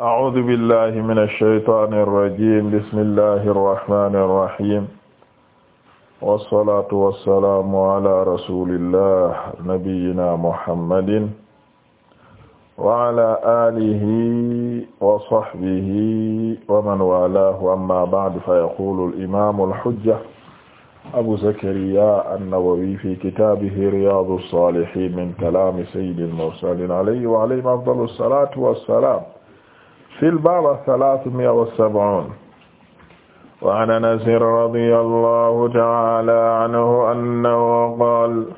أعوذ بالله من الشيطان الرجيم بسم الله الرحمن الرحيم والصلاة والسلام على رسول الله نبينا محمد وعلى آله وصحبه ومن والاه أما بعد فيقول الإمام الحجة أبو زكريا النووي في كتابه رياض الصالحين من كلام سيد المرسلين عليه وعليهم أفضل الصلاة والسلام fi lbaba salaatu mia wa sab'uun wa an anasin radia allahu taala anhu annahu qaala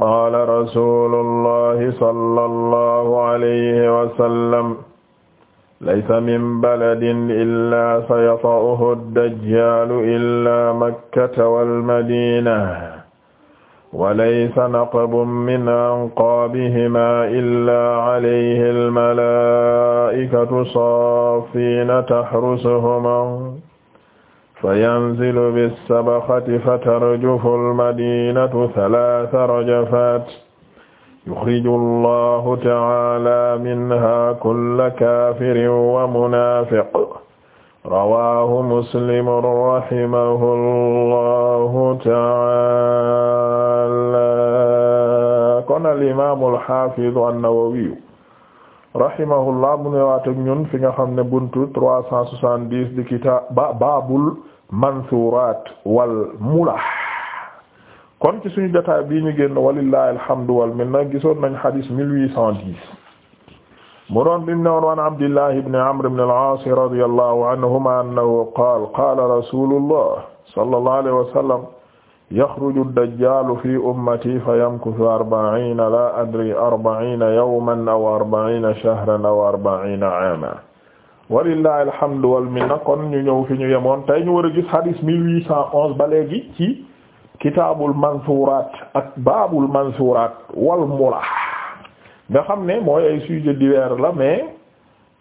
qaala rasulullahi sallallahu alayhi wa sallam laysa min baladin illaa sayata'uhu ad-dajjaalu illaa makkata wal madiina وليس نقب من أنقابهما إلا عليه الملائكة صافين تحرسهما فينزل بالسبخة فترجف المدينة ثلاث رجفات يخرج الله تعالى منها كل كافر ومنافق rawaahu muslimun rahimahu llahu taala kon al imaamu alxafidu annawawiyu rahimahullah mu ne waat ak ñun fi nga xam ne buntu trois cent soixante-dix di kitaab baabul mansuuraat wal mulah kon ci suñu jotaay bii ñu génn walillahi alhamdu wal minna gisoon nañ xadis mille huit cent dix mu doon bi mu ne woon waan Abdullah ibn Amr ibn al-Aas radiyallahu anhuma annahu qaala qaala rasulullah sallallahu alayhi wa sallam yaxruju ad-dajjaalu fi ummati fayamkuthu arba'iina laa adrii arba'iina yawman aw arba'iina shahran aw arba'iina 'aaman walillahi alhamdu wal minna kon ñu ñëw fi ñu yemoon tey ñu war a gis hadith 1811 ba léegi ci kitaabul mansuuraat ak baabul mansuuraat wal mulah nga xam ne mooy ay sujet divers la mais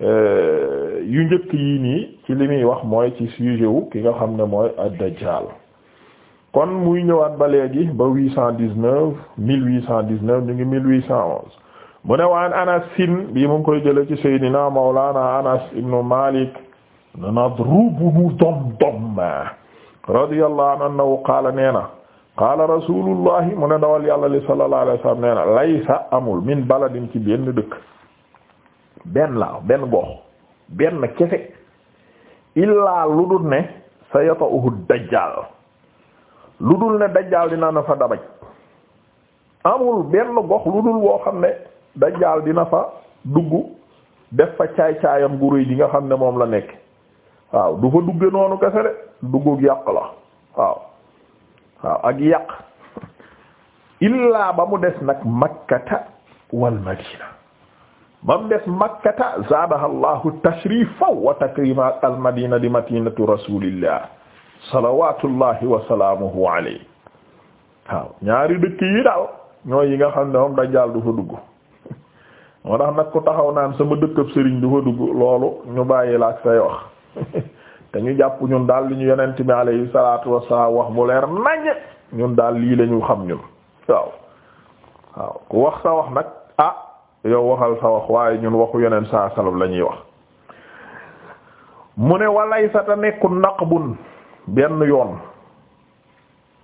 euh, yu njëkk yi nii ci li muy wax mooy ci sujet wu ki nga xam ne mooy ad-Dajjal kon muy ñëwaat ba léegi ba 819 1819 ñu ngi 1811 mu ne waan anasin bii mu ngi koy jële ci Seydina Mawlana Anas ibnu Malik Nadr ibnu Damdam radiyallahu anhu qaala nee na qaala rasulullahi mu ne dawal yàlla li sallallahu amul min baladin ci benn dëkk benn laa benn gox benn kese illaa lu dul ne sa yata uhu dajjal lu dul ne dajjal dina na fa dabaj amul benn gox lu dul woo xam ne dajjal dina fa dugg def fa caay-caayam gu rëy gi nga xam ne moom la nekk waaw du fa dugge noonu kese de duggu yàq la waaw waaw ak yàq illaa ba mu des nag makkata wa madina ba mu des makkata zaadaha llahu tashrifa wa takrima al madina di madinatu rasulillah salawatullahi wa salaamuhu alayhi waaw ñaari dëkk yi daal ñooy yi nga xam ne moom dajjaal du fa dugg moo tax nag ku taxaw naan sama dëkkab sëriñ du fa dugg loolu ñu bàyyi laa ak say wax te jàpp ñun daal li ñu yonent bi alayhi salaatu wassalaam wax mu leer nañ ñun daal lii la ñu xam ñun waaw waaw ku wax sa wax nag ah yow waxal sa wax waaye ñun waxu yeneen saa sallam la ñuy wax mu ne walay sa te nekkul naqbun benn yoon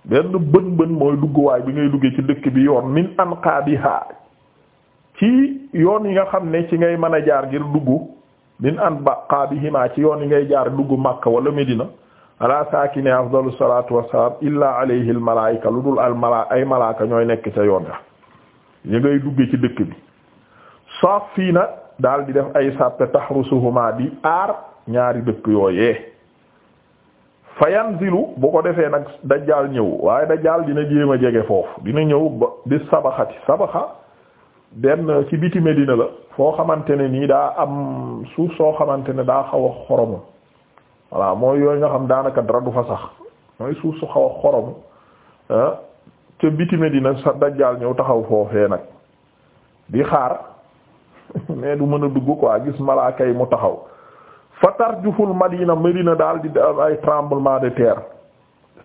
benn bën bën mooy dugguwaay bi ngay duggee ci dëkk bi yoon min anqabiha ci yoon yi nga xam ne ci ngay mën a jaar ngir dugg min anbaqabihima ci yoon yi ngay jaar dugg Makka wala Medina ala saakini afdalu salatu wassalam illa alayhi al lu dul al ay malaaka ñooy nekk ca yoon ya yi ngay dugge ci dëkk bi safiina daal di def ay sàppe tahrusuhuma di aar ñaari dëkk yooyee fa yanzilu bu ko defee nag dajjaal ñëw waaye da dajjaal dina jéem a jege foofu dina ñëw ba di sabaxati sabaxa benn ci biti Medina la foo xamante ne nii daa am suuf soo xamante ne daa xaw a xoromu voilà mooy yooyu nga xam daanaka dara du fa sax mooy suuf su xaw a xoromu ah ca biti Medina sa dajjaal ñëw taxaw foofee nag di xaar mais du mën a dugg quoi gis malaaka yi mu taxaw fa tarjuful Madina Medina daal di ay tremblement de terre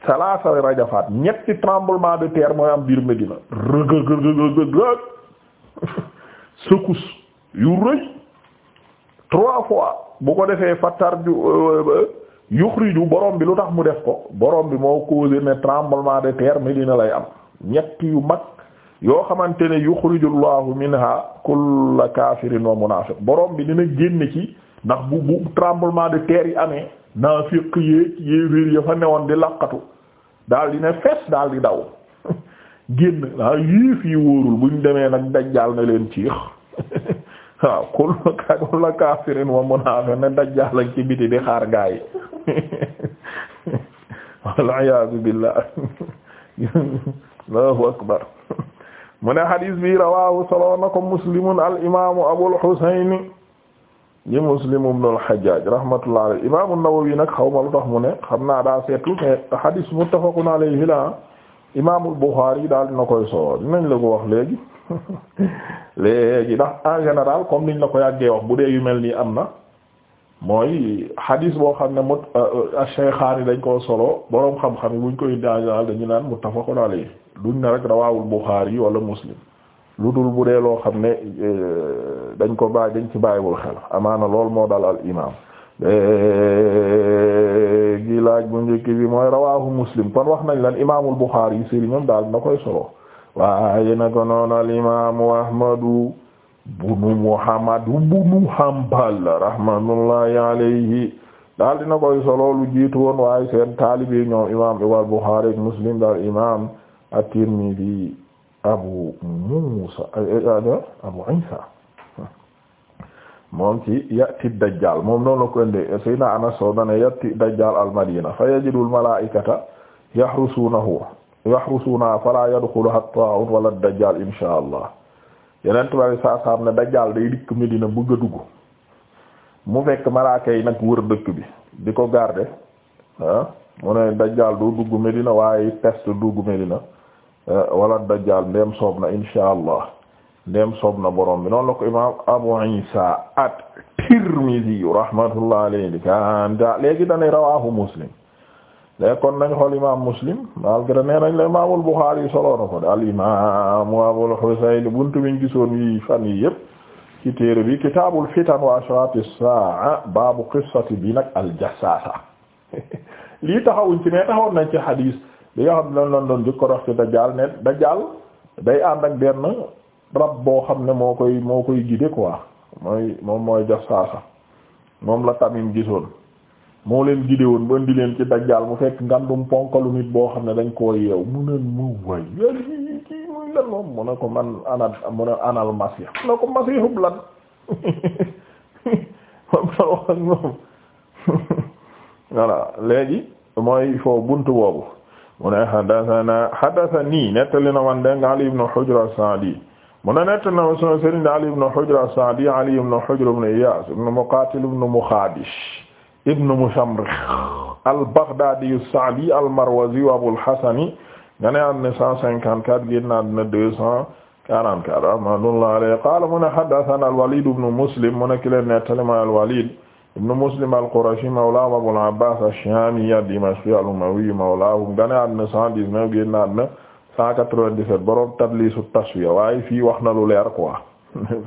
salaasa rajafaat ñetti tremblement de terre mooy am biir Medina secousse yu rëy trois fois bu ko defee fattar ju euh, euh, borom bi lu tax mu def ko borom bi moo causé ne tremblement de terre Médina lay am ñett yu mag yoo xamante ne yuxrijullahu minha kulla kafirin wa munafiq borom bi dina génn ci ndax bu bu tremblement de terre yi amee naafiq yéeg yéeféer ya fa newoon di laqatu daal di fees daal di daw génn ah yii fii wóorul buñ demee nag dajjaal na leen ciix waaw kul ka kul la kaafirin wa munaafiq ne dajjaal ak ci biti di xaar gaa yi iyaazu billaah allahu akbar mu ne xadiis bi rawaahu solo na ko muslimun al imaamu abul xuseyn di muslim ibn al hajjaj imaamu nawawi nag xaw lu tax mu ne xam naa daa seetlu mais xadiis muttafaqun alayhi imaamul Bukhari daal dina koy solo dinañ la ko wax léegi léegi ndax en général comme niñ la ko yàggee wax bu dee yu mel nii am na mooy hadis boo xam ne mut euh, euh, Shaykhaani dañ ko solo boroom xam-xam yi buñ koy daal dañu naan muttafaqun alayhi duñ na rek rawaawul Bukhari wala Muslim lu dul bu dee loo xam ne euh, dañ ko bàyyi dañ ci bàyyiwul xel amaana lool moo dal al imaam. laaj bu njëkk bi mooy rawahu muslim kon wax nañ lan imaamul Buxaari yi sëriñam daal na koy solo waaye na ko noonu al imaamu ahmadu bunu muhammadu bunu hambal rahmatullahi alayhi daal dina koy solo lu jiitu woon waaye seen taalibi ñoom imaam iwal Buxaari muslim daal imaam at-Tirmidi abu Muusa abu Isa moom ci yati dajjal moom noonu la ko indi sayna anas so dana yati dajjal al madina fa yajidu al malaikata yahrusunahu yahrusunahu fala yadkhulu hatta wala dajjal insha allah yeneen tubaab yi saa saam ne dajjal day dikk Medina bëgg a dugg mu fekk malaaka yi nag wër dëkk bi di ko garder ah mu ne dajjal du dugg Medina waaye peste dugg Medina ah, wala dajjal ndeem soob na insha allah ndem soob na borom bi noonu la ko imaam Abu Isa at-Tirmidhi rahmatullah alayhi kanta léegi dañuy rawahu Muslim léegi kon xool imaam Muslim malgré nee nañ la imaamul Bukhari solo na ko de al imaam Abul Husayn buntu biñ gisoon yi fan yi yëpp ci téere bi kitaabul fitan wa ashrat as-sa'a baabu qissati bi nag al-jassasa lii taxawuñ ci ne taxawoon ci hadis bi nga xam ne lan doon jëkk ko dox ci day ànd ak benn rab boo xam ne moo koy moo koy guider quoi mooy moom mooy jox jasaasa moom la tamim gisoon moo leen guider woon ba indi leen ci dajjaal mu fekk ngandum ponkalu nit boo xam ne dañ koo yeew mu ne mu way mu ne ko man ana mu ne anal masih mu ne ko masihub lan moom la léegi mooy foofu bunt boobu mu ne xaddatana xaddatani nettali na man deng Ali ibn Hujr as-Sa'di mu ne nett na sunu sëriñ Ali ibn Hujr as-Sa'di Ali ibn Hujr ibn Iyas ibn Muqatil ibn Mukhabish ibn Mushamrikh al-Baghdadi as-Sa'di al-Marwazi Abul Hasan gane am na 154 génn na 244 rahmatullahi alayhi qala mu ne haddathana al-Walid ibn Muslim mu ne ki leen nettali ma al-Walid ibn Muslim al-Qurashi mawla Abul Abbas ash-Shami ad-Dimashqi al-Umawi mawlahum gane am na 119 génn na cent quatre-vingt-dix-sept borom tadlisu taswiya waaye fii wax na lu leer quoi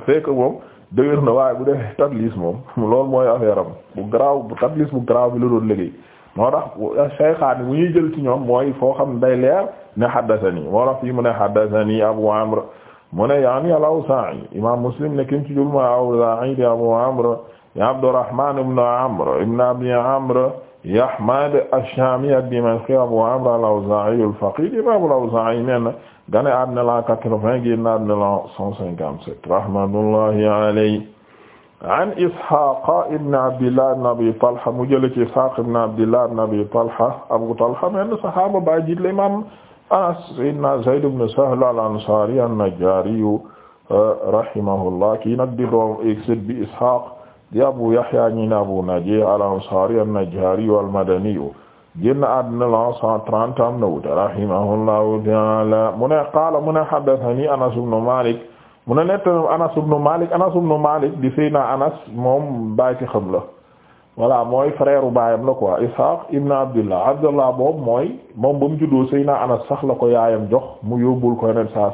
fekk moom dëgër na waaye bu defee tadlis moom loolu mooy affaire am bu garaaw bu tadlis bu garaaw bi la doon liggéey moo tax shaykhaani bu ñuy jël ci ñoom mooy foo xam ne day leer ne haddathani moo tax fii mu ne haddathani Abu Amr mu ne yaani al-Awzaa'i imaam Muslim ne kim jul ma al-Awzaa'i di Abu Amr ya Abdurrahmaan ibn Amr ibn Abi Amr Yahmad ash-Shami ad-Dimashqi Abu Amr al-Awza'i al-Faqih imam al-Awza'i men gane àddina la 80 génn àddina la 157 rahmatullahi alayhi an Ishaaq ibn Abdillah ibn Abi Talha mu jële ci Ishaaq ibn Abdillah ibn Abi Talha Abu Talha men sahaaba ba jiitle imam Anas sayyidina Zayd ibn Sahl al-Ansari an-Najjari rahimahullah kii nag di doom sët bi Ishaaq di Abu Yahya ñi ne Abu Najih al-Ansari an-Najjari al-Madani génn àddina la cent trente am na wute rahimahullahu ta'ala mu ne qaala mu ne haddathani Anas ibn Malik mu ne nett Anas ibn Malik Anas ibn Malik di Seydina Anas moom baay ci xam la voilà mooy frère baayam la quoi Ishaq ibn Abdullah Abdullah boobu mooy moom ba mu juddoo Seydina Anas sax la ko yaayam jox mu yóbbul ko Yonent saa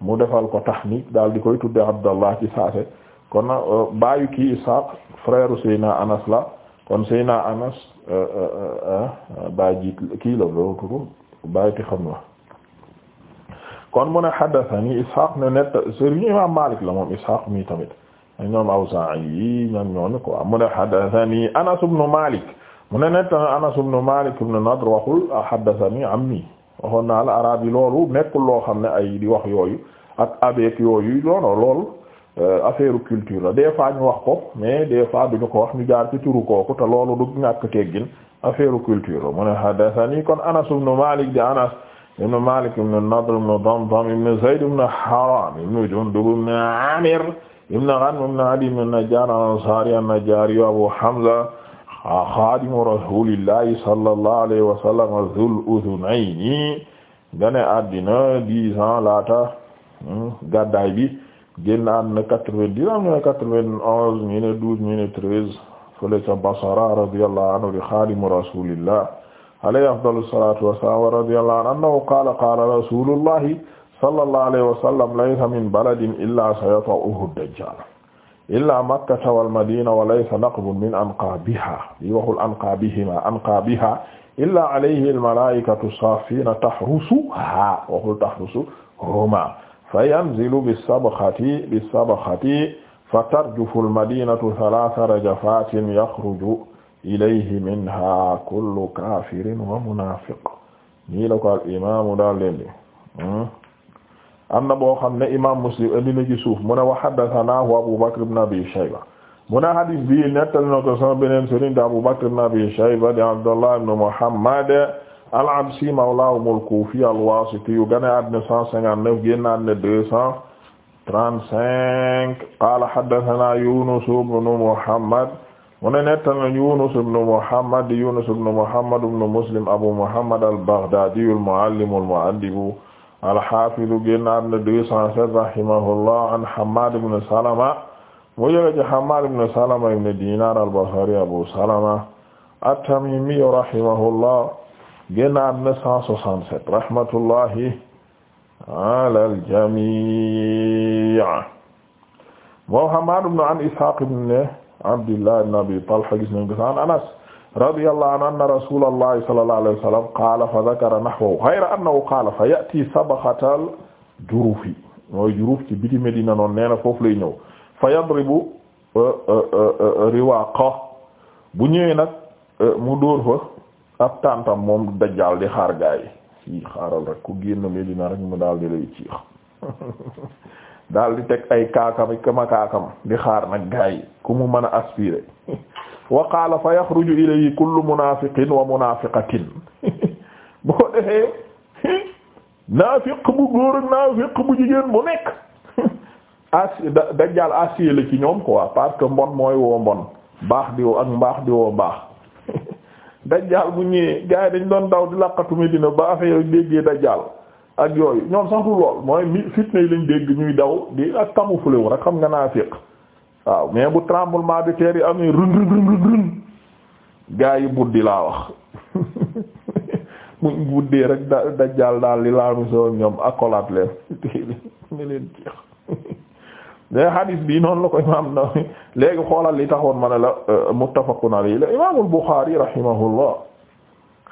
mu defal ko tahnik daal di koy tudde Abdullah ci saase kon euh, baayu kii Ishaq frère Seyna Anas la kon Seyna Anas euh, euh, baa jiit kii la loolu tudd baayu ki xam la kon mu ne haddathani Ishaq ne nett sëriñ Imaam Maalik la moom Ishaq mii tamit ñoom Awzaa'i yi ñoom ñooñu quoi mu ne haddathani Anas ibn Maalik mu ne nett Anas ibn Maalik ibn Nadr waxul haddathani ammi waxoon naa la araab yi loolu nekkul loo xam ne ay di wax yooyu ak abeek yooyu loolu loolu Euh, affaire culture la des fois ñu wax ko mais des fois duñu ko wax ñu jaar ci turu kooku te loolu du ñàkk teggin affaire culture mu ne hadathani kon Anas ibn Malik di Anas ibn Malik ibn Nadr ibn Damdam ibn Zayd ibn Haram ibn Jundub ibn Amir ibn Ghanm ibn Adi ibn ansari an-Najjari Abu Hamza khadimu rasulillahi sallallahu alayhi wa sallam dhul udhunayni gane àddina dix ans laata hmm, gàddaay bi génn am na quatre-vingt-dix am na quatre-vingt-onze ñu ne douze ñu ne treize fële ca Basra radiyallahu anhu di xaadimu rasulillah alayhi afdalu salatu wassalam wa radiyallahu anhu annahu qaala qaala rasulullahi sallallahu alayhi wa sallam laysa min baladin illa sayata'uhu ad-dajjal illa makkata wal madina wa laysa naqbun min anqaabiha yi waxul anqaabihima anqaabiha illa alayhi al malaikatu saafina tahrusuha waxul tahrusuhuma fa yanzilu bisabxati bisabxati fa tarjufu almadinatu thalatha rajafatin yaxruju ilayhi minha kullu kafirin wa munafiq nii la ko al imamu daal lendi hmm? am na boo xam ne imam muslim indi na ci suuf mu ne wa haddathanahu abu bakr ibn abi shayba mu ne hadis bi nettali na ko sama beneen sëriñ de abu bakr ibn abi shayba di abdullah ibn muhammad al-Absi mawlaahum al-Kuufi al-Waasiti yu gane àddina 159 génn àddina 235 qaala haddathanaa Yuunus ibn Muhammad mu ne nettal na Yuunus ibn Muhammad Yuunus ibn Muhammad ibn Muslim Abu Muhammad al-Baghdaadi al-muallim al-mu'addib al-haafiz génn àddina 207 rahimahullah an Hammaad ibn Salama mu jële ci Hammaad ibn Salama ibn Diinaar al-Basri Abu Salama at-Tamiimi rahimahullah génnaat na 167 rahmatullahi jamii moom Hammaad ibn an Ishaaq ibn Abdillah ibn Abi Talha gis nañ Anas radiyallahu anhu anna rasuulallahi sallallahu alayhi wa sallam qaala fa dhakara nahwahu ghayra annahu qaala jurufi mooy juruf biti Medina noonu foofu lay ñëw fa yadribu euh, euh, euh, riwaaqa ab tàntam moom dajjaal di xaar gaa yi ci xaaral rek ku génn Medina rek mu daal di lay ciix daal di teg ay kaakam kama kaakam di xaar nag gaa ku mu mën a aspirer wa qaala fa yaxruju ilayhi kullu munaafiqin wa munaafiqatin boo defee naafiq bu góor ak naafiq bu jigéen bu nekk as dajjaal assier la ci ñoom quoi parce que mbon mooy woo mbon baax di woo ak mbaax di woo baax dajjaal bu ñëwee gaa yi dañ doon daw di laqatu Medina ba affaire déggee dajjaal ak yooyu ñoom sax du lool mooy fitna yi lañ dégg ñuy daw di ak camouflé wu rek xam nga naa féq waaw mais bu tremblement bi terre yi amee run run run run yi buddi laa wax muñ buddee rek da daal li laamu soo ñoom accolade leen ne leen jeex de hadis bi noonu la ko imaam na léegi xoolal li taxoon ma ne la euh, muttafaqun alayhi la imaamul Buxaari rahimahullah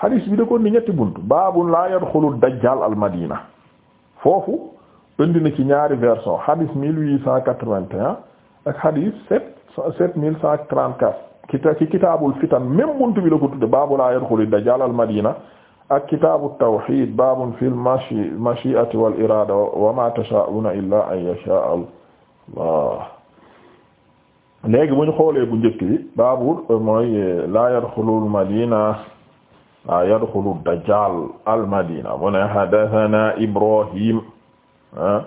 hadis bi da ko ñetti bunt baabun laa yadxulu dajjaal al madina foofu indi na ci ñaari version hadis 1881 ak hadis 7 7134 kita ci kitaabul fitan même bunt bi la ko tudde baabu laa yadxulu dajjaal al madina ak kitaabu tawxiid baabun fil machi machiati wal iraada wa ma tashaa'una illaa an yashaa waaw léegi bu ñu xoolee bu njëkk bi baabul mooy laa yadxulul madina laa yadxulul dajjal al madina mu ne hadathana ibrahim ah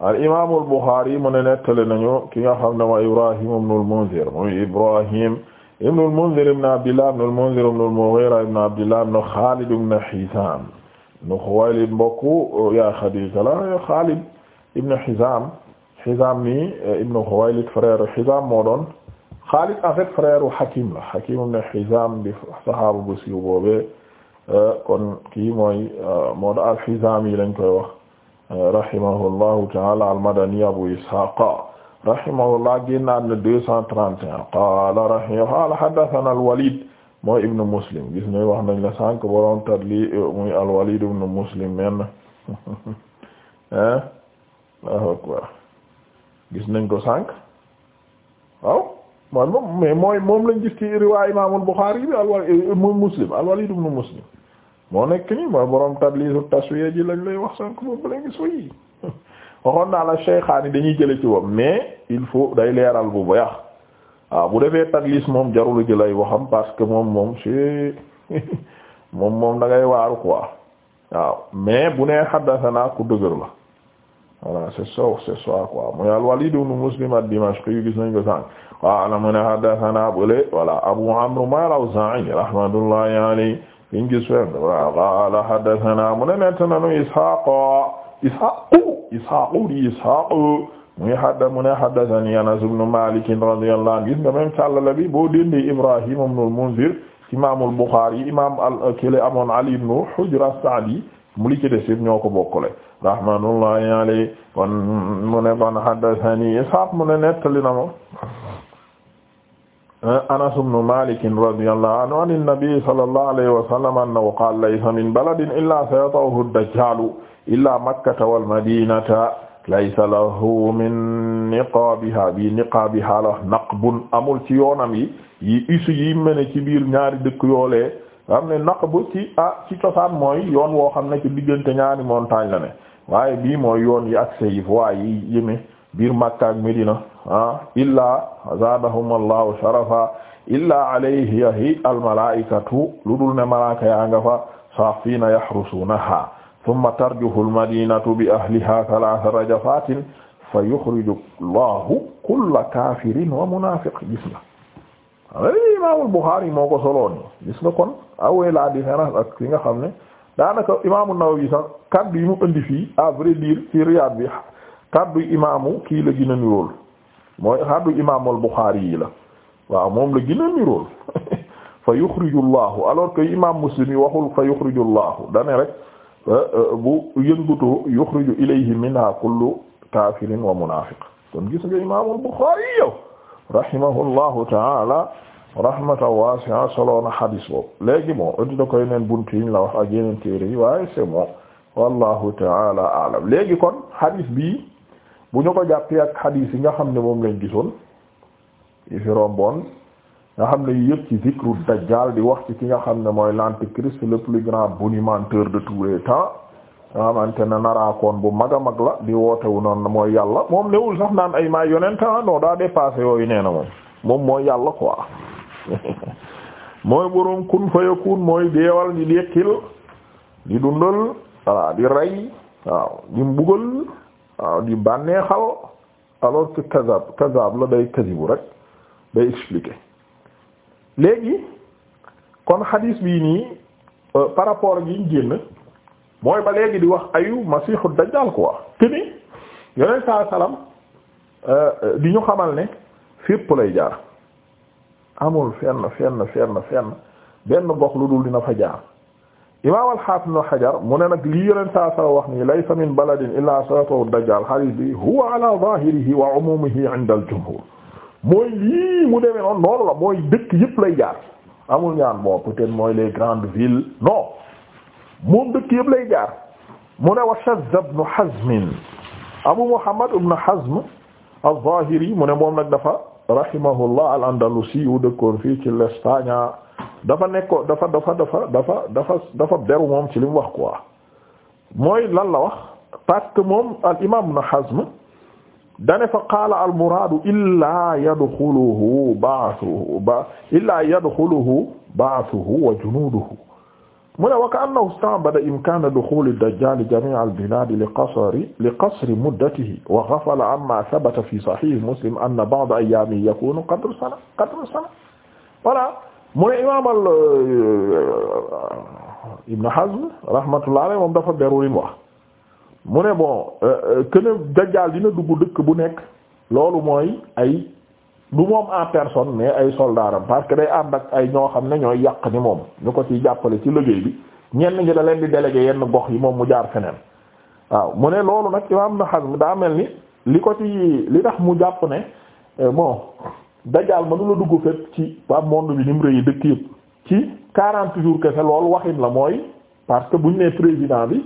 al imaamu al buxaari mu ne nettali nañu ki nga xam ne mooy ibrahim ibnu al munzir muy ibrahim ibnu al munzir ibnu abdillah ibnu al munzir ibnu al mughira ibnu abdillah ibnu xaalid ibnu hisaam ibnu xuwaylid mbokku yaa xadiija la xaalid ibnu hisaam Hizaam mi eh, ibnu Xuwaylid frère Hizaam moo doon Xaalid en fait frère Hakim la Hakim ibn Hizaam bi saxaaba bu siiw boobee eh, kon kii mooy eh, moo da al-Hizaami yi lañ koy wax rahimahullahu ta'ala al-Madani Abu Ishaq rahimahullah génnaat na deux cent trente et un qaala rahimahullah qaala haddathana al-Walid mooy ibnu Muslim gis nga wax nañ la sànq borom tadli muy al-Walid ibnu Muslim men ah akbar gis nañ ko sànq waaw man moom mais mooy moom lañ gis ci riwaay imaamul Buxaari bi alwal euh, mu Muslim al-Walid ibn Muslim moo nekk ni mooy borom tadlisu taswiya ji lañ lay wax sànq moom bala ngi soyi waxoon naa la Shaykhaani dañuy jële ci wam mais il faut day leeral bu baax waaw bu defee tadlis moom jarul jël ay waxam parce que moom moom ci moom moom da ngay waaru quoi waaw mais bu nee xaddasanaa ku dëgër la voilà c'est ça c'est ça quoi muy al-Walid ibn Muslim ad-Dimashqi yu gis nañ ko sànq qaala mu ne haddathana bule voilà Abu Amr ma al-Awza'i rahmatullahi alayhi in gis fen qaala haddathana mu ne nettananu Ishaq Ishaq Ishaq di Ishaq muy hadda mu ne haddathani Anas ibn Malik radiyallahu anhu gis nga même càllala bi boo déndi Ibrahim ibn al-Munzir imam al-Bukhari imam al-Kili amoon Ali ibn Hujr as-Sa'di mu li ci des yëpp ñoo ko bokkale rahmatullahi alayhi mu ne kon haddathani Ishaq mu ne nettali na ma Anas ibn Malik radiyallahu anhu an nabi sallallahu alayhi wa sallam annahu qala laysa min baladin illa sayata'uhu ad-dajjalu illa makkata wal madinata laysa lahu min niqabiha bi naqbun amul ci yoonam yi yi issu yi mene ñaari dëkk yoolee am ne naqb ci ah ci cosaan mooy yoon woo xam ne ci diggante ñaari montagne la ne waaye bii mooy yoon yi accès yi voies yi yéme biir Makka ak Medina ah illaa zaadahum allahu sharafa illaa alayhi almalaikatu lu dul ne malaaka yaa fa saafina yahrusunaha thumma tarjuhu almadinatu bi ahliha thalatha rajafatin fa yuxriju allahu kulla kafirin wa munafiq gis ay imaamul Buxaari moo ko solo ni gis nga kon awee la différence ak ki nga xam ne daanaka imaamu Nawawi sax kaddu yi mu indi fii à vrai dire ci bi kaddu imaamu kii la gën a nirool mooy kaddu imaamul Buxaari yi la waaw moom la gën a nirool fa yuxriju Allahu alors que imaam Muslim yi waxul fa yuxriju Allahu dane rek eh, eh, bu yëngutoo yuxriju ilayhi minha kullu kaafirin wa munaafiq kon gis nga imaamul Buxaari yow rahimahullahu taala rahmatan wasi'a soloona hadis boobu léegi bon indi na ko yeneen buntu yi ñu la wax ak yeneen téere yi waaye c'est bon wallahu taala alam léegi kon hadis bi bu ñu ko jàppee ak hadis yi nga xam ne moom lañ gisoon yi fi romboon nga xam ne yëpp ci zikru dajjal di wax ci ki nga xam ne mooy l'antéchrist le plus grand bonimenteur de tous les temps nga xamante ne naraakoon bu mag a mag la di wootewu noonu mooy yàlla moom newul sax naan ay maa yonenta ah non daa dépassé yooyu nee na moom moom mooy yàlla quoi mooy boroom kun fayakun mooy deewal di dekkil di dundal voilà di rey waaw di mbugal waaw di bànneexal alors que day kazibu rek day expliquer léegi kon xadiis bii nii euh, par rapport gi ñu mooy ba léegi di wax ayu masiixu dajjaal quoi te ni yonent saa salaam euh, di ñu xamal ne fépp lay jaar amul fenn fenn fenn fenn benn gox lu dul dina fa jaar imaam al-Haafiz Ibn Hajar mu ne nag lii yonent saa salaam wax nii laysa min baladin illaa saratahu dajjaal hadiis bi huwa ala zaahirihi wa umuumihi inda al-jumhuur mooy lii mu demee noonu noonu la mooy dëkk yëpp lay jaar amul ñaan bon peut-être mooy le grandes villes non moom dëkk yëpp lay jaar mu ne wa shadda ibn Hazm Abu Muhammad ibn Hazm az-Zahiri mu ne moom nag dafa rahimahullah al-Andalusi yu dëkkoon fii ci l'Espagne dafa nekkoon dafa dafa dafa dafa dafa dafa beru moom ci li mu wax quoi mooy lan la wax parce que moom al-Imam ibn Hazm dane fa qaala al-muraadu illaa yadxuluhu ba'thuhu ba illaa yadxuluhu ba'thuhu wa junuuduhu mu ne wa kaannahu ista'bada imkaana duxuuli dajjaali jamii al-bilaadi li qasri li qasri muddatihi wa ghafala ammaa thabata fi sahiih muslim anna ba'da ayyaamihi yakuunu qadra sana qadra sana voilà mu ne imaam al euh, Ibn Hazm rahmatullahi alayhi moom dafa beru lim wax mu ne bon euh, euh, que ne dajjaal dina dugg dëkk bu nekk loolu mooy ay. du moom en personne mais ay soldaaram parce que day ànd ak ay ñoo xam ne ñooy yàq ni moom ñu ko ciy jàppale ci liggéey bi ñenn ñi da leen di délégué yenn gox yi moom mu jaar feneen waaw mu ne loolu nag imaam na xam daa mel ni li ko ci li tax mu jàpp ne eh, bon dajaal mënu la dugg fépp ci waa monde bi ni mu rëy dëkk yëpp ci 40 jours kese loolu waxin la mooy parce que buñ ne président bi.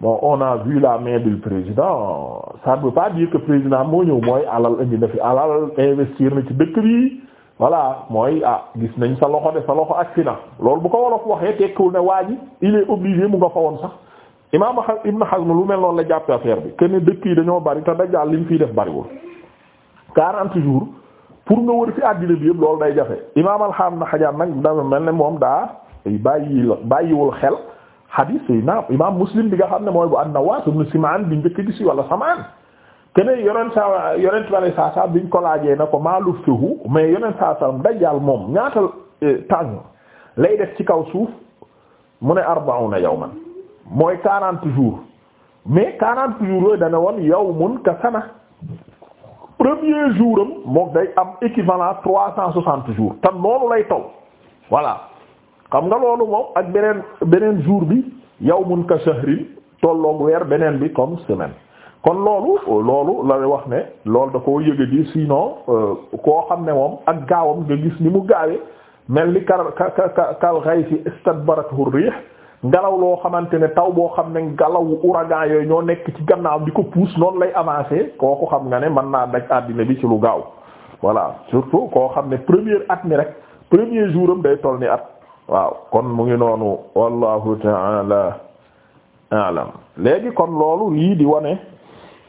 bon on a vu la main du président ça ne veut pas dire que président moo ñëw mooy alal indi na fi alal investir na ci dëkk bi voilà mooy ah gis nañ sa loxo de sa loxo ak na loolu bu ko wolof waxee tekkiwul ne waa ji il est obligé mu nga fa woon sax imaam Ibn Hazm lu mel noonu la jàppe affaire bi kenn dëkk yi dañoo bari te dajal li mu fiy def bariwul quarante jours pour nga wër fi àddina bi yëpp loolu day jafe imaam alxam na xajaar nag dafa mel ne moom daa bàyyi bàyyiwul xel hadis sayna imam muslim bi nga xam ne mooy bu an-Nawaas ibn Simaan bi njëkk gis Samaan kene yonent sa yonent bale saa sa ko laajee na ko maa luftuhu mais yonent saa sallam dajjaal moom ñaata eh, temps lay def ci kaw suuf mu ne arba'una yawman mooy quarante jours mais quarante jours yooyu dana woon yawmun ka sana premier jour am moom day am équivalent trois cent soixante jours te noonu lay taw voilà xam nga loolu moom ak beneen beneen jour bi yow mun ka shahrin tolloog weer beneen bi comme semaine kon loolu loolu la wax ne loolu da koo yëga ji sinon euh, koo xam ne moom ak gaawam nga gis ni mu gaawee mel ni kar ka ka kal ghaythi istadbarathu ar-rih ngelaw loo xamante ne taw boo xam ne ngelawu ouragan yooyu ñoo nekk ci gannaaw di ko pousse noonu lay avancer kooku xam nga ne mën naa daj àddina bi ci lu gaaw voilà surtout koo xam ne premier at mi rek premier jour day toll ni at waaw kon mu ngi noonu wallahu ta'ala a'lam léegi kon loolu lii di wane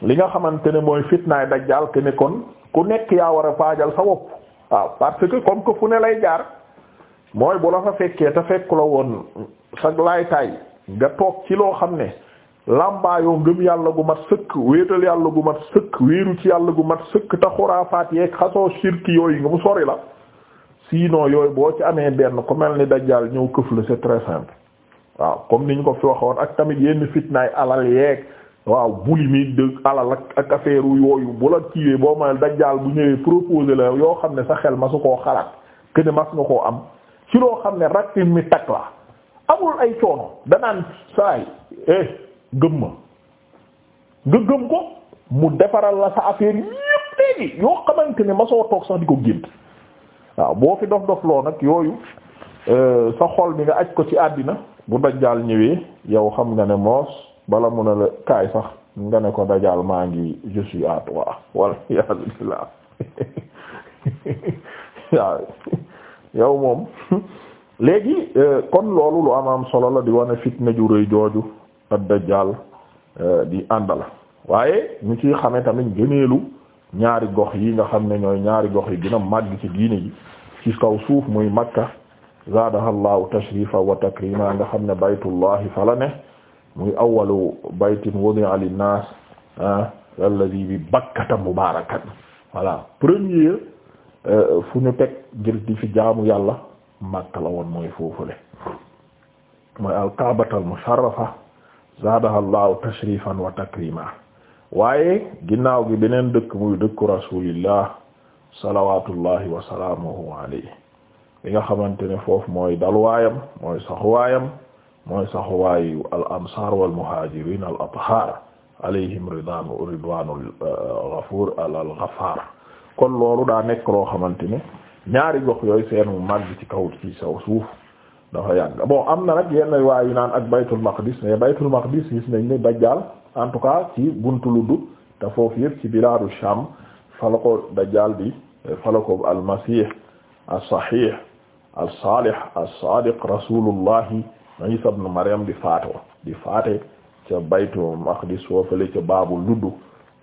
li nga xamante ne mooy fitnaay dajjaal ke ne kon ku nekk yaa war a paajal sa wopp waaw parce que comme que fu ne lay jaar mooy bu la fa fekkee te fekku la woon sa laaytaay nga toog ci loo xam ne lambaayoo ngëm yàlla gu mat sëkk wéetal yàlla gu mat sëkk wéeru ci yàlla gu mat sëkk te xuraafaat yeeg xasoo sirki yooyu nga mu sori la sinon yooyu boo ci amee benn ku mel ni dajjaal ñëw këf la c'est très simple waaw comme ni ñu ko fi waxoon ak tamit yenn fitnaay alal yeeg waaw buli mi dëgg alal ak ak affaire yooyu bu la kiiwee boo mel dajjaal bu ñëwee proposé la yoo xam ne sa xel masu koo xalaat que ne mas nga koo am ci loo xam ne rattin mi takk la amul ay coono danaan saay eh gëm nga gëm ko mu defaral la sa affaire yépp léegi yoo xamante ne masoo toog sax di ko gént waaw boo fi dof dofloo nag yooyu euh, sa xol bi nga aj ko ci àddina bu dajjaal ñëwee yow xam nga ne moos bala mun a la kaay sax nga ne ko dajaal maa ngi je suis à toi walla waaw yow moom léegi euh, kon loolu lu am am solo la di wane na ju rëy jooju ak dajjaal euh, di àndal waaye ñu ciy xame tamit gëneelu ñaari gox yi nga xam ne ñooy ñaari gox yi gën a màgg ci diine yi ci kaw suuf muy makka zaadahallahu tashrifa wa takrima nga xam ne baytullahi fala ne muy awwalu baytin wudi'a linnas ah, alladhi bi bakkata mubarakan voilà premier euh, fu ñu teg ngir fi jaamu yàlla makka la woon mooy foofule mooy alkaabatal musharrafa zaadahallahu tashrifan wa takrima waaye ginnaaw gi beneen dëkk muy dëkku rasulillah salawaatullahi wa salaamuhu alayhi li nga xamante ne foofu mooy dalwaayam mooy saxuwaayam mooy saxuwaayu al ansaar wal muhaajiriin al athaar alayhim ridwaanu ridwaanul uh, ghafuur al ghafaar kon loolu daa nekk loo xamante ne ñaari gox yooyu seenu màgg ci kaw ci saw suuf dafa yàgg bon am na nag yenn waay yu naan ak baytul maqdis mais baytul maqdis gis nañ ne dajjaal en tout cas ci buntu ludd te foofu yëpp ci bilaadu Sham fala ko dajjal bi fala ko almasih as-sahih as-salih as-sadiq rasulullahi maryam di faato di faate ca baytu maqdis foofale ca baabul juddu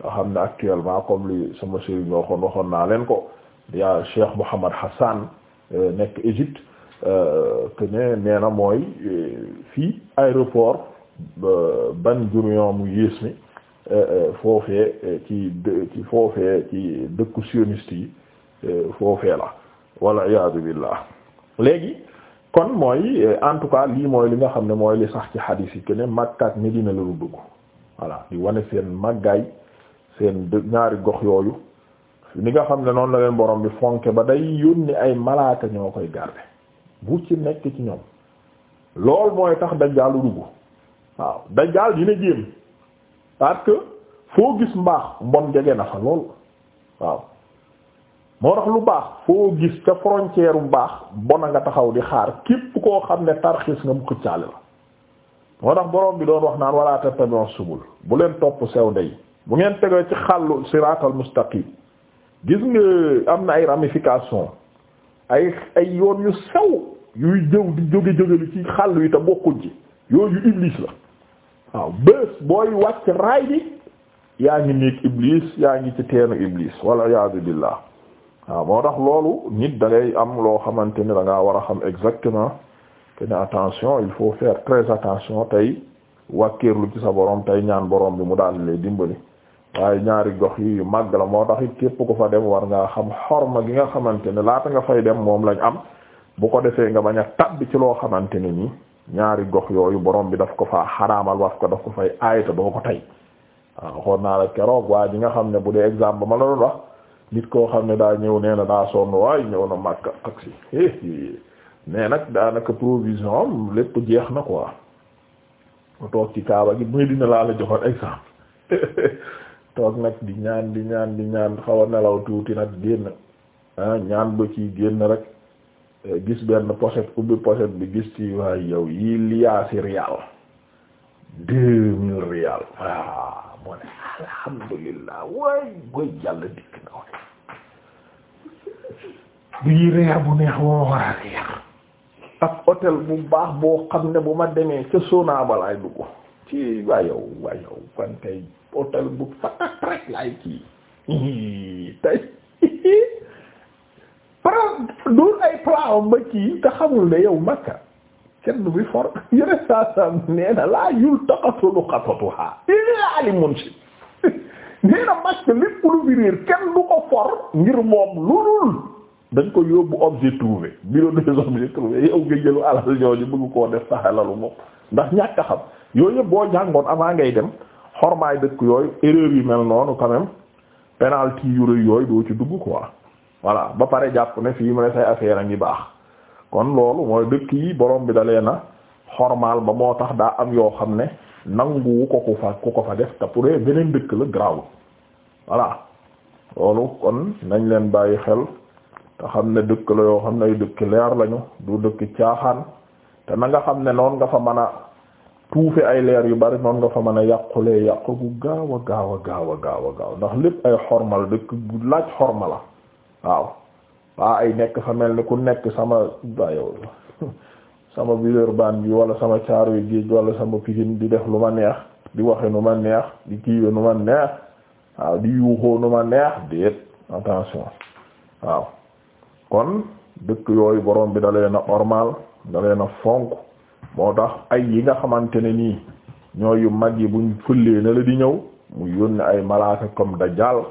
nga xam ne actuellement kom li sama sëriñ waxoon leen ko yaa Cheikh Mouhamad Hassan eh, nekk Égypte eh, que ne nee na mooy eh, fii aéroport Ban Gurion mu yées foofee ci ci foofee ci dëkku sioniste yi euh, foofee la walla iyaadu billah léegi kon mooy euh, en lii mooy li nga xam ne mooy li sax ci xadiis yi que ne Makka ak Medina la dugg voilà wane seen màggaay seen ñaari gox yooyu li nga xam ne noonu la leen bi fonke ba day yónni ay malaaka ñoo koy garder ci nekk ci ñoom lool mooy dugg waaw dajjaal dina jéem parce que foo gis mbaax mbon jege na fa lool waaw moo tax lu baax foo gis ca frontière bu baax bon a nga taxaw di xaar képp koo xam ne tarxiis nga mu xëccaale la moo tax borom bi doon wax naan wala tattabi'u subul bu leen topp sew day bu ngeen tegee ci xàllu siraatal mustaqim gis nga am na ay ramification ay ay yoon yu sew yuy jëw di jóge jóge li ci xàll yi te bokkuñ ci yooyu iblis la waaw bés booy wàcc raay bi yaa ngi nekk iblis yaa ngi ci teenu iblis walla iyaazu billaah waaw moo tax loolu nit dangay am loo xamante ne da ngaa war a xam exactement que ne attention il faut faire très attention tey wàkkeerlu ci sa borom tey ñaan borom bi mu daal lay dimbali waaye ñaari gox yi yu màgg la moo tax it képp ku fa dem war ngaa xam ma gi nga xamante ne laata nga fay dem moom lañ am bu ko defee nga bañ a tàbbi ci loo xamante ne nii. ñaari gox yooyu boroom bi daf ko faa xaraamal wax ko daf ko fay aayata doo ko tey waaw xool naa la keroog waaye ji nga xam ne bu dee exemple ma la wax nit koo xam ne daa ñëw nee na daa sonn waay ñëw na ak taksi mais nag daanaka provision am lépp jeex na quoi mu toog ci kaaba gi muy dina laa la joxoon exemple toog nag di ñaan di ñaan di ñaan xaw a nelaw tuuti nag génn ah, ñaan ba ci génn rek Eh, gis benn pochette ubbi pochette bi gis ci waay yow yi liyaasi rial deux mille rial waaw ah, moo ne alhamdulillah waay goy yàlla dikk na wax bii reer bu neex woo war a reer ak hôtel bu baax boo xam ne bu ma demee ca Sona balaay dugg ci waay yow waay yow kon bu fatak rek laay kii par duur ay plan ba kii te xamul ne yow makka kenn du for yeneen saa saa nee laa yul taqatulu xatatuha illa li munshid nee na makka lépp lu fi kenn du ko for ngir moom lulul dañ ko yóbbu objet trouvé bureau des objets trouvés yow nga jëlu alal ñooñu bëgg koo def sa alalu moom ndax ñàkk a xam yooyu yëpp boo jàngoon avant ngay dem xormaay dëkk yooyu erreur yu mel noonu quand penalty yu rëy yooyu doo ci dugg quoi. voilà ba pare jàpp ne fii mu ne say affaire a ngi baax kon loolu mooy dëkk yi borom bi dalee na xormaal ba moo tax daa am yoo xam ne nanguwu ko ku fa ku ko fa def te pour beneen dëkk la garaawul voilà loolu kon nañ leen bàyyi xel te xam ne dëkk la yoo xam ne ay dëkk leer lañu du dëkk caaxaan te na nga xam ne noon nga fa mën a tuufe ay leer yu bari noon nga fa mën a yàqulee yàqu gu gaaw a gaaw a gaaw a gaaw a gaaw ndax lépp ay xormal dëkk bu laaj xorma waaw waa ay nekk fa mel ni ku nekk sama bayow sama Villeurbanne bi walla sama Caaroy Géej wala sama Pikine di def lu ma neex di waxe nu ma neex di kiiwe nu ma neex waaw di yuuxoo nu ma neex déet attention waaw kon dëkk yooyu borom bi da leen a normal da fonk moo tax ay yi nga xamante ne nii ñooy yu mag yi buñ fëlee na la di ñëw mu yónni ay malaaka comme Dajjal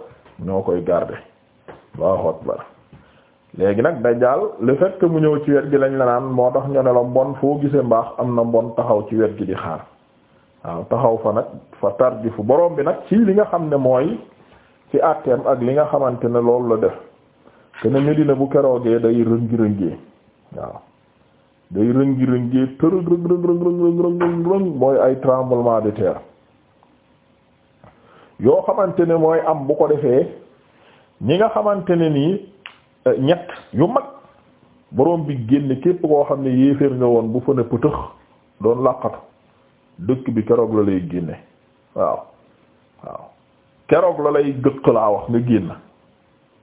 ñoo koy garder Allahu akbar léegi nag dajjaal le fait que mu ñëw ci wet gi lañ la naan moo tax ñu ne la mbon foo gisee mbaax am na mbon taxaw ci wet gi di xaar waaw taxaw fa nag fa tarji fu borom bi nag ci li nga xam ne mooy ci àtteem ak li nga xamante ne loolu la def te ne Medina bu keroogee day rëngi rëngee waaw day rëngi rëngee tërëg rëg rëg rëg rëg mooy ay tremblement de terre yoo xamante ne mooy am bu ko defee ñi nga xamante ne nii euh, ñett yu mag borom bi génn képp koo xam ne yéeféer nga woon bu fa ne pëtëx doon làqatu dëkk bi keroog la lay génne waaw waaw keroog la lay gëq laa wax nga génn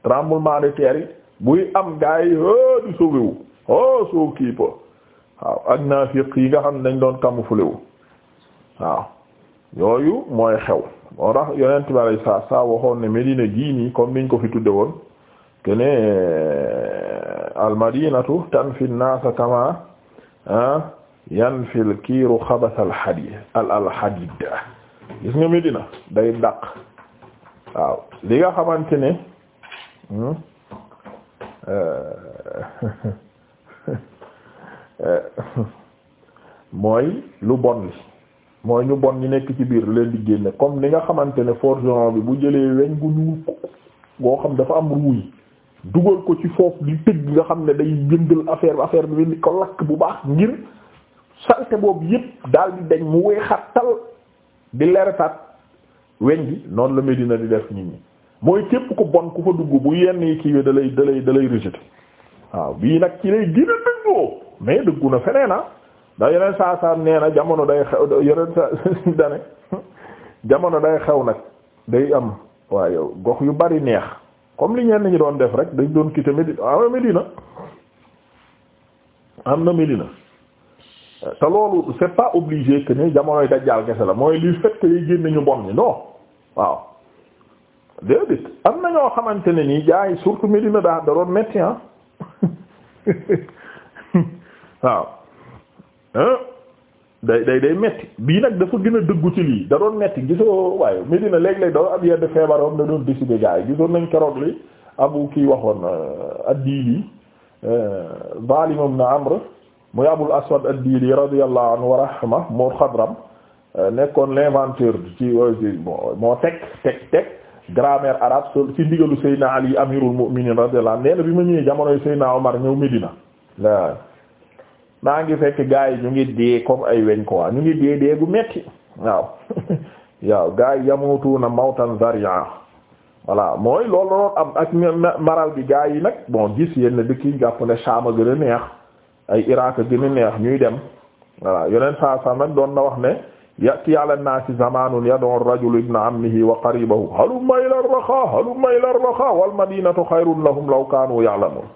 tremblement de yi buy am gaay yi di sauvé wu soo kii po waaw ak naafiq yi nga xam ne dañ doon camouflé wu waaw yooyu mooy xew moo tax yonent bi saa saa waxoon ne Medina gii nii comme niñ ko fi tudde woon kene euh, ah, al madinatu tanfi an-nas kama yanfi al-kiiru xabas al-hadid al al-hadid gis nga Medina day daq waaw li nga xamante ne hmm, euh, euh, mooy lu bon li mooy ñu bon ñu nekk ci biir leen di génne comme ni nga xamante ne forgeron bi bu jëlee weñ gu ñuul goo xam dafa am ruuy dugal ko ci foofu di tëgg nga xam ne day jëndal affaire affaire bi di ko bu baax ngir salte boobu yépp daal di dañ mu weexat weñ gi noonu la Médina di def nit mooy képp ku bon ku fa dugg bu yenn yi kiiwee da lay da lay da waaw bii nag ci lay gën dëggoo mais dëggu na feneen ah. ndax yeneen saa saa nee jamono day xew day xew nag day am waaye gox yu bari neex comme li ñeen ñi doon def rek dañ doon quitté a am ah Medina am na Medina te loolu c'est pas obligé que ne jamonoy dajjaal kese la mooy li fait que yi génn ñu bon ñi non waaw déedéet am na ñoo xamante ne nii jaay surtout Medina daa da doon métti ah. waaw. Ah, day day day metti bii nag dafa gën a dëggu ci lii da doon metti gisoo waaye Medina léeg-léeg doo ab yenn feebaroom da doon décider gars yi gisoon nañ keroog li abu kii waxoon euh, ad-Diili euh, Zaalim ibn Amr muy Abul Aswad ad-Diili radiyallahu anhu wa rahma moo xadram euh, nekkoon l'inventeur ci moo teg teg teg grammaire arabe ci ndigalu Seydina Ali amirul mu'minin radiyallahu anhu nee bi ma ñëwee jamonoy Seydina Omar ñëw Medina la naa ngi fekk gaa yi ñu ngi dee comme ay weñ quoi ñu ngi dee dee gu metti waaw waaw gars yi yamutuuna mawtan zari'a voilà mooy loolu la am ak maral bi gars yi nag bon gis yéen di dëkk yi jàpp ne Sham a gën a neex ay Irak a gën a neex ñuy dem voilà yeneen saa saa nag doon na wax ne ya'ti yàlla an-naasi zamaanun yad'u ar-rajulu ibna ammihi wa qaribahu halumma ila ar-raxaa halumma ila ar-raxaa wal madiinatu xayrun lahum law kaanu ya'lamuun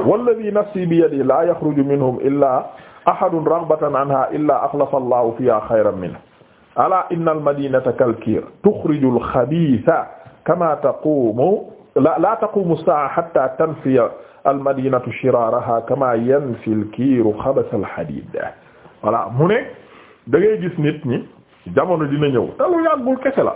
walladhi nafsi bi yadihi la yakhruju minhum illa ahadun raghbatan anha illa akhlasa allahu fiha khayran minhu ala inna almadinata kalkir tukhriju alkhabitha kama taqumu la la taqumu as-sa'a hatta tanfiya almadinatu shiraraha kama yanfi alkiiru khabasa alhadid voilà mu ne da ngay gis nit ñi jamono dina ñëw te lu yàggul kese la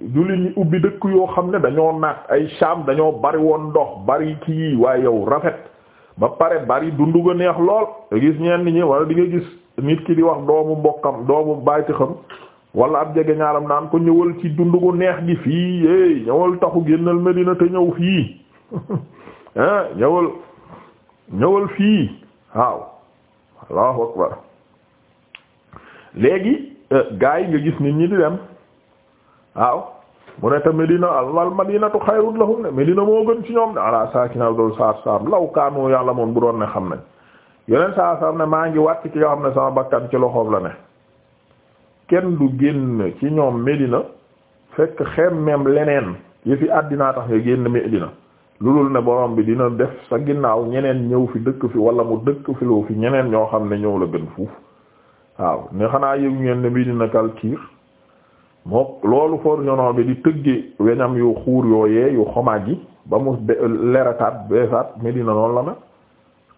jullit ñi ubbi dëkk yoo xam ne dañoo naat ay Sham dañoo bari woon ndox bari kii waaye yow rafet ba pare bari dund ga neex lool nga gis ñenn ñi wala di nga gis nit ki di wax doomu mbokkam doomu bayti xam wala ab jege ñaaram naan ko ñëwal ci dund gu neex gi fii éy ñëwal taxu génnal Medina te ñëw fii ah ñëwal ñëwal fii waaw allahu akbar léegi eh, gaa yi nga gis nit ñi di dem waaw mu ne te Medina wal madinatu xayrun lahum ne Medina moo gën ci ñoom ne ala saakina dool saat saam law kaanu yàlla moon bu doon ne xam nañ yeneen saa saam ne maa ngi wàcc ki nga xam ne sama bakkan ci loxoom la ne kenn du génn ci ñoom Medina fekk xemmeem leneen yi fi àddinaa tax nga génn Medina lulul ne borom bi dina def sa ginnaaw ñeneen ñëw fi dëkk fi wala mu dëkk fi loo fi ñeneen ñoo xam ne ñëw la gën fuuf waaw ne xanaa yëgu ngeen ne moo loolu forgeron bi di tëggee weñam yu xuur yooyee yu xomaag yi ba mu lerataat beesaat Medina noonu la na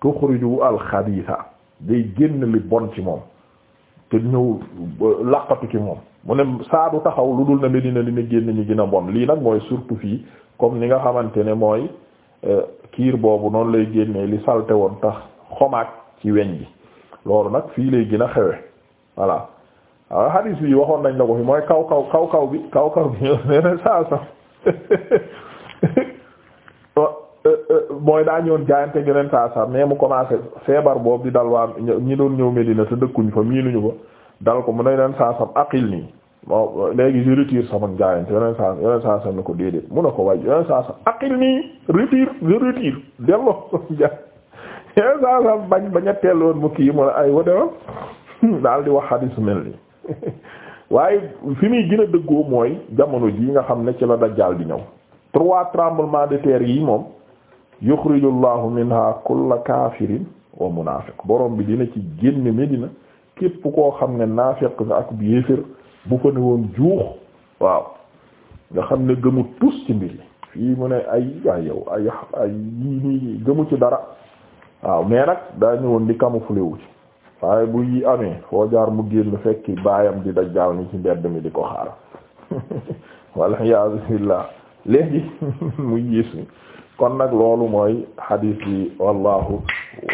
tuxuriju alxabiisa day génn li bon ci moom te ñëw laqatu ci moom mu ne saa taxaw lu dul na Medina dina génn ñi gën a bon lii nag mooy surtout fii comme ni nga xamante ne mooy euh, kiir boobu noonu lay génnee li salte woon tax xomaag ci weñ gi loolu nag fii lay gina xewe voilà waaw hadis bi waxoon nañ la ko fi mooy kaw kaw kaw kaw bi kaw kaw bi nee saa saa oh, eh, eh, mooy daa ñëwoon jaayante ak yeneen saa saa mais mu commencé feebar boobu di dal waa ñi doon ñëw Medina te dëkkuñ fa miinuñu ko dal ko mu ne leen saa saa aqil nii bon léegi je retire sama jaayante yeneen saa yeneen saa saa ne ko déedéet mu a ko waay yeneen saa saa aqil nii retire je retire delloo yeneen saa saa bañ bañ a teeloon mu kii mu ne ay wa demal daal di wax hadis mel waaye fi muy gën a dëggoo mooy jamono ji nga xam ne ci la dajjaal di ñëw trois tremblements de terre yi moom yuxriju llahu minha kulla kafirin wa munafiq borom bi dina ci génn Medina képp koo xam ne naafiq nga ak bu yéefér bu fa ne woon juux waaw nga xam ne gëmu tus ci mbir yi fii mu ne ay waay yow ay yii nii gëmu ci dara waaw mais nag daa ñëwoon di camouflé wu ci waaye bu yi amee foo jaar mu génn fekki baayam di dajjaal ni ci mbedd mi di ko xaar walla iyaazu billaah léegi mu gis ni kon nag loolu mooy hadith bi wallahu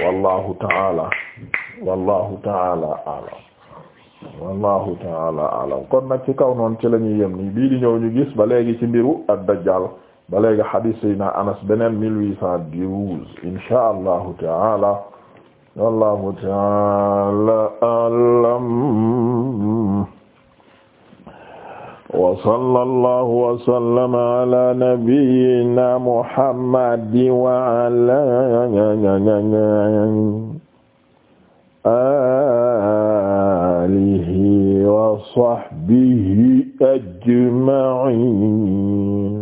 wallahu taala wallahu taala alam wallahu taala alam kon nag ci kaw noonu ci lañuy ñuy yem nii bii di ñëw ñu gis ba léegi ci mbiru ad dajjal ba léegi hadith na anas beneen mille huit cent douze insha allahu taala wallahu ta'ala a'lam wa sallallahu wa sallama ala nabiyyina muhammadin wa ala alihi wa sahbihi ajma'in